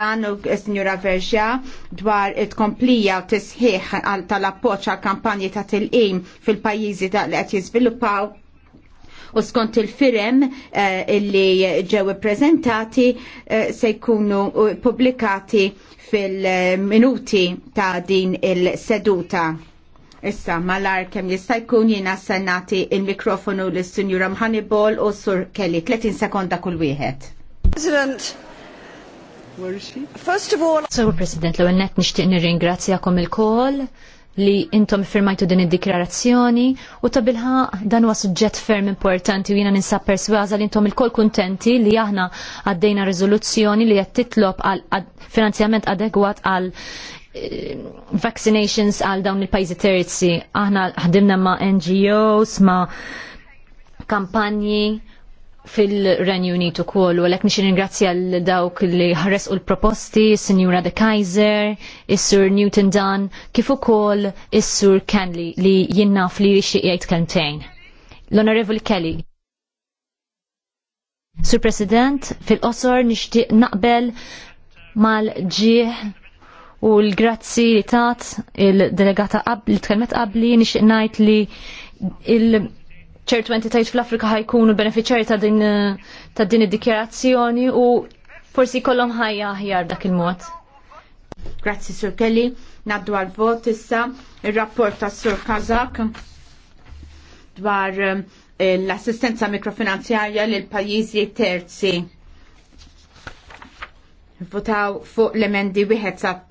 Dan u s signora Verġa dwar it-komplija u tisħiħ tal-appoċ għal kampanji ta' til-qim fil-pajizi ta' li għet jizviluppaw u skont il-firem eh, illi ġew prezentati eh, se jkunu eh, publikati fil-minuti ta' din il-seduta. Issa, malar kem jista' jkun jiena sennati il-mikrofonu l-Sinjura Mħanibol u Sur Kelly. 30 sekonda kull wieħed. President, First of all... So, President, l-għu net nishtiq nir il-kol li intom firmajtu din id-dikjarazzjoni u ta' dan huwa suġġett ferm importanti u jiena ninsab persważa li intom il-kol kuntenti li aħna għaddejna riżoluzzjoni li qed titlob għal finanzjament adegwat għal eh, vaccinations għal dawn il-pajzi terzi. Aħna ħdimna ma' NGOs, ma' kampanji fil-Renju Unitu kol, u għalek nixin ringrazzja l-dawk li ħares u l-proposti, s Signora De Kaiser, Is-Sur Newton Dunn, kif ukoll Is-Sur Kenley li jinnaf li rixi jgħid kantejn. L-Onorevoli Kelly. Sur President, fil-qosor nixtieq naqbel mal-ġieħ u l-grazzi li tat il-delegata li tkellmet qabli nixtieq najt li il- ċertu entitajt fl-Afrika ħajkunu beneficjari ta' din ta' din id-dikjerazzjoni u forsi kollom ħajja aħjar dak il-mod. Grazzi Sur Kelly, naddu għal vot issa ir-rapport ta' Sur Kazak dwar um, l-assistenza mikrofinanzjarja lil pajjiżi terzi. Votaw fuq l-emendi wieħed sa'